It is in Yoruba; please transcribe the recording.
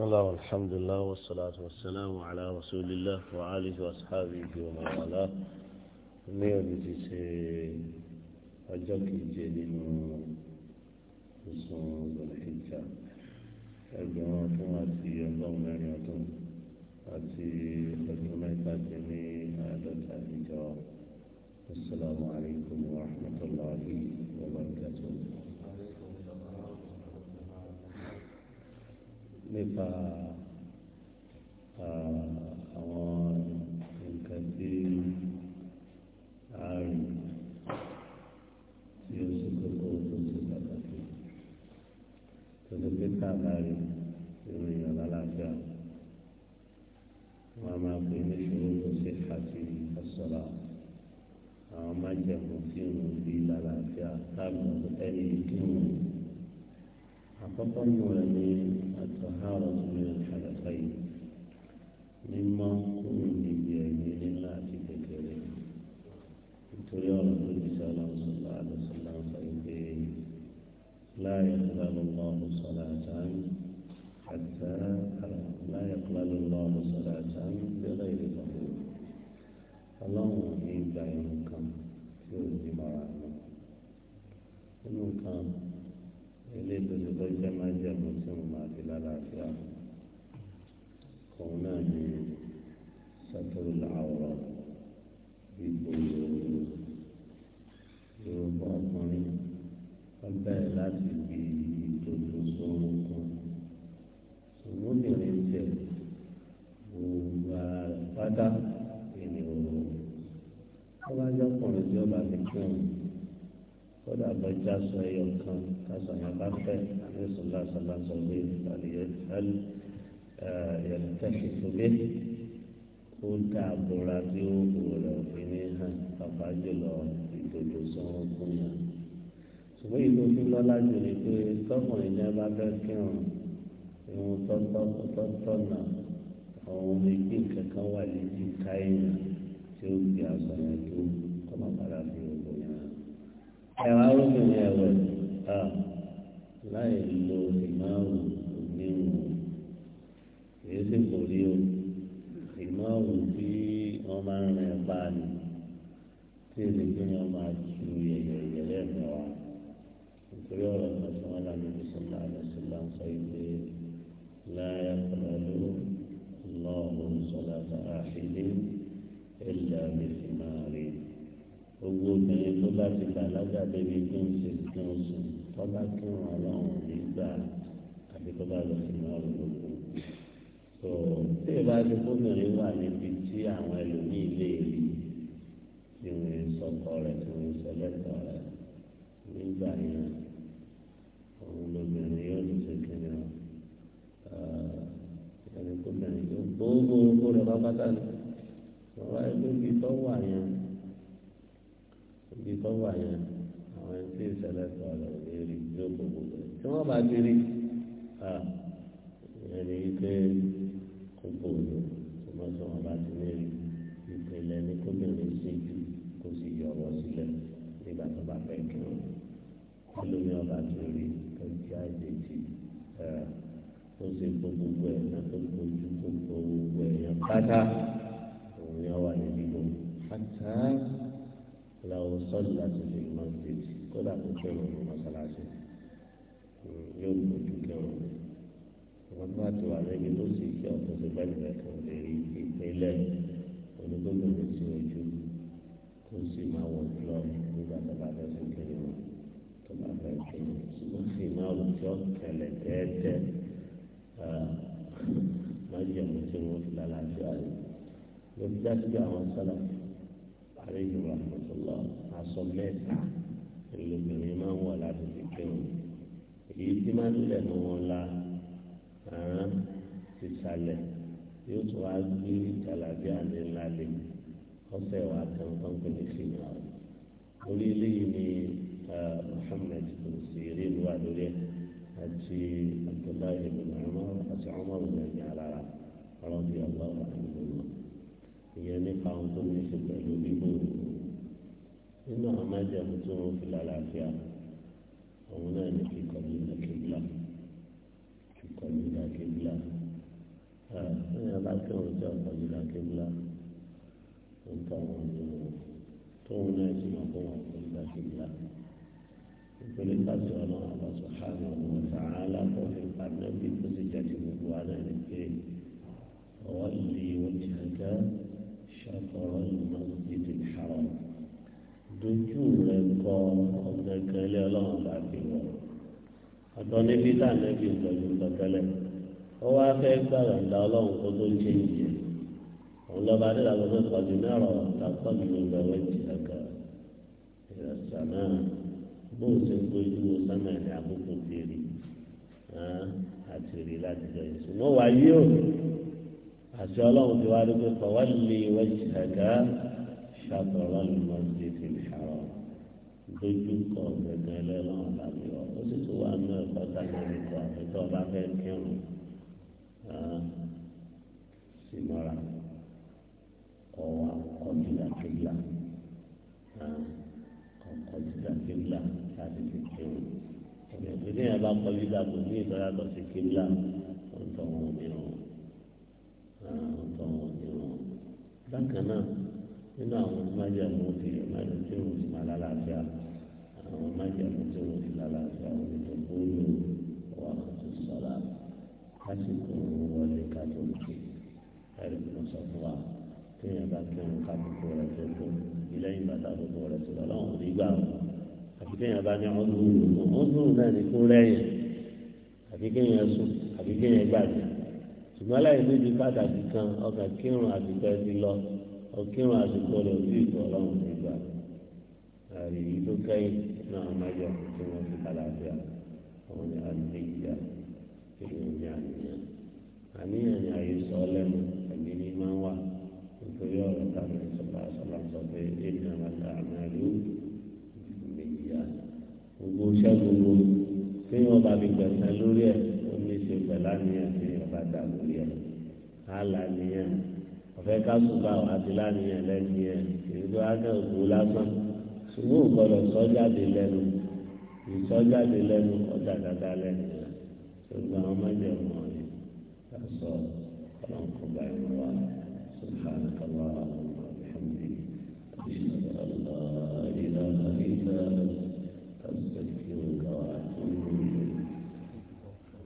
بسم الله والحمد لله والصلاة والسلام على رسول الله وعاله وأصحابه ومن والاه ومن يلتي سيجلك الجديد بسم الله الحجة أجمعكم أتي الله نعمتم أتي خدمة فاتمي هذا التعليم والسلام عليكم ورحمة الله وبركاته nípa ah, àwọn nǹkan tí a rìn tí ó ṣe kókó tó ṣe pàtàkì tó ṣe pé tá a bá rí ìròyìn ọ̀làlàáfíà wọn a máa pè ní ṣòro tó ṣe àti ọ̀sọ̀rọ̀ àwọn májèmú tí wọn ò fi lálàáfíà táàbù ẹni tí wọn àkọ́kọ́ nù rẹ̀ الطهارة من الحدثين مما قوم بيمين الله تكتير تريد الله صلى الله عليه وسلم فإن لا يقبل الله صلاة حتى لا يقبل الله صلاة بغير طهور اللهم إن بعينكم في الجمعة منكم lálàáfíà òun náà ní sátúrú làwọ̀ gbígbó yòówù yorùbá ọkùnrin wọn bẹ̀rẹ̀ láti fi ìtòtò sọ̀rọ̀ kan ọmọbìnrin tẹ gbogbo ara pátá ènìyàn wọn bá jẹ́ ọkùnrin tí ó bá fi kí wọn ọlọ́jà sọ ẹyọ kan kásán yẹn bá fẹ́ àbí sọlá sọlá sọ pé àlìyé yẹtẹ́sì fúbé kó dáàbò ra bí ó wù rẹ̀ òfin ní hàn pàpà jùlọ ìdòdò sanwó fún yàn. ṣùgbọ́n ìlú fi lọ́lá jù ni pé tọkùnrin yẹn bá fẹ́ kírun ìwọ̀n tọ́tọ́tọ́nà àwọn ìgbín kankan wà lójú káyìn tí ó gbé aṣọ yẹn tó kọ́mọ padà fi rò ẹ̀rọ arúgbìn ẹ̀wẹ̀ láì lo ìmáàmù oníwò èyí sì kò rí o ìmáàmù tí wọ́n máa ń rìn bá ní tí èdè pé wọ́n máa ju yẹ̀yẹ̀ yẹ̀lẹ́ mẹ́wàá nítorí ọ̀rọ̀ kan tí wọ́n lànà ní sọ́lá àlọ́sílá ń sọ pé láyà kọ̀ọ̀lọ́ lọ́wọ́ sọ́lá àfihàn ẹ̀là lè fi máa rí gbogbo obìnrin tó bá ti bàlágà débi kí n ṣe kí n sùn tó bá kí n wà láwọn nígbà àti tó bá lọ sí náà lóko. tó tí ìbá ti kóbìnrin wà níbi tí àwọn ẹlòmíì lè rí tí wọ́n ń sọkọ rẹ̀ tí wọ́n ń sọlẹ́tọ̀ rẹ̀ nígbà yẹn òun lóbìnrin yóò lè ṣe kí ni ọ. ẹni kóbìnrin yóò gbogbo gbogbo rẹ̀ bá bá dá ibi tó wà yẹn àwọn ẹni tí ìṣẹ̀lẹ̀ tó wà lọ́wọ́ lè rí ní òkòkò rẹ̀ tí wọ́n bá ti rí ìyẹn ni wípé kókò lò tó bá sọ wọn bá ti rí ìpìlẹ̀ ní kóbìnrin sí ju kó sì yọ ọwọ́ sílẹ̀ nígbà tó bá fẹ́ kí wọ́n kí ló ní ọba tó rí tó jẹ́ àjèjì tó ṣe gbogbo ẹ̀ náà tó gbójú gbogbo ẹ̀ yẹn pátá òun yẹn wà níbi gbogbo pátá làwọn sọ́ọ̀dì láti fi mọ ìdíje kódà kò hmm, tó lọ ní mọ́sálásí yóò gbójú kẹwọn wọn bá ti wà níbi tó sì kí ọ̀tún ti bá nìyẹn kan lè rí ìpínlẹ̀ onígbòmìnira sí ojú kó sì máa wọ̀ jùlọ nígbà tó bá fẹ́ sí kiri wọn tó bá fẹ́ kiri wọn sì máa wọ̀ jọ kẹlẹ̀ tẹ́tẹ́ májèmú tí wọ́n fi lálàáfíà rẹ̀ lójú dájú àwọn sálàfù àlejò àfọ̀sọ̀lọ́ aṣọ mẹ́ta ẹlòmíràn máa ń wọ̀ láti fi kírun èyí tí máa ń lẹ̀ mọ́ wọn la àrán ti sàlẹ̀ yóò tún wá gbé jàlábí àmì ńlá lé ọ̀sẹ̀ wa kan tó ń pè ní fìyà orí eléyìí ni Muhammad bin Sirin wà lórí ẹ̀ àti Abdullahi bin Umar àti Umar bin Yàrá rọ́bì ọlọ́run àti ìgbìmọ̀ ìyẹn nípa ohun tó ní ṣe pẹ̀lú bíbò nínú àwọn májàmú tí wọ́n fi lálàáfíà òun náà ní kíkọ́ ní ìdàkébílà kíkọ́ ní ìdàkébílà ẹ̀ẹ́dẹ́gbẹ̀rún alákẹ́wọ̀n tí ọkọ̀ ní ìdàkébílà ń tọ́ àwọn ọ̀nà tóun náà sì máa bọ́ wọn kọ́ ní ìdàkébílà ìpele pàṣẹ ọlọ́run àbàṣọ hàmì ọ̀hún ọ̀sán alákọ̀ọ́ fi pàdánù bí kò sì jáde gbogbo wa náà ní pé ọwọ́ ìlú ìwọ̀n ti hàn ká. orúkọ ọ̀gbẹ̀gẹ̀ ilé ọlọ́run bá ti wọ̀ ọ̀tọ̀ níbi tá ànábì ìtọ́jú tọ́tẹ́lẹ̀ ó wá fẹ́ gbàgbà ńlá ọlọ́run kó tó ń ṣe ìyẹn òun lọ́ba adélábọ̀ tó kọjú náà rọ̀ tàkọ́ mi ló gbẹ̀wé ti àgà ìrẹsà náà bóun ṣe ń gbójú sánà ní àkókò tèrè àti rí láti jọ ìsìn náà wáyé o àti ọlọ́run ti wá rí pé fọwọ́ lè wájú àgà ṣàtọ̀rọ̀ lè mọ̀ sí ti ìṣàrọ̀ dojú kọ gbẹgbẹ lọ́wọ́ tàbí ọ ó sì tún wà ní ẹ̀kọ́ tàbí kọ àtẹ̀tọ́ ọba fẹ́ kírun sí mọ́ra ọwọ́ kọjúlá kíbla kọjúlá kíbla láti fi kírun ìdílé yẹn bá kọjúlá kò ní ìtọ́jà lọ sí kíbla ó ń tọ́ wọn ní wọn ó ń tọ́ wọn ní wọn bákan náà nínú àwọn májàmú ti májàmú tí òun ti máa lálàáfíà àwọn májàmú tí òun ti lálàáfíà òun tó gbóòlò wà tó sọlá lásìkò òun wọlé kájọ òkè ẹrí kan sọ fún wa téèyàn bá kírun kákòókò rẹ tó tó ìlẹ́yìn bàtà kòkò rẹ tó lọ lọ́wọ́ nígbà wọn àti téèyàn bá ní ọdún òun ọdún náà ní kó rẹ́yìn àti kéèyàn sùn àti kéèyàn gbàgbé ṣùgbọ́n láì níbi pàtàkì kan ọkàn kírun àti tẹ́tí ọkírun àsìkò rẹ̀ ò sí ìtọ́ ọlọ́run ti gbà èyí tó kẹ́yìn náà má yọ tí wọ́n fi kàlàáfíà àwọn ní àlùfẹ́yìá tí wọ́n ní àníyàn àníyàn ni àyè sọ ọ́ lẹ́nu ẹ̀mí ní máa ń wà nítorí ọ̀rọ̀ táwọn ìṣọ̀lá ṣọlá sọ pé èmi àmàlà àmàlú ìfìmẹ̀yìá gbogbo iṣẹ́ gbogbo tí wọ́n bá fi gbẹ̀sán lórí ẹ̀ ó ní í ṣe pẹ̀lú àníyàn tí wọ́n bá dà lórí ẹ̀ á là níyàn ọ̀fẹ́ ká sùgbà wà ti lánìyàn lẹ́nu yẹn èyí tó wá kẹ́ òkú lásán ṣùgbọ́n ògbọ́dọ̀ sọ́jáde lẹ́nu ìsọ́jáde lẹ́nu ọjà dáadáa lẹ́nu yẹn ṣùgbọ́n àwọn mẹ́jẹ̀mú ọ̀rẹ́ ká sọ ọlọ́nkọ̀ọ́bá ìmọ̀ wa sùgbọ́n àtàwọn àwọn.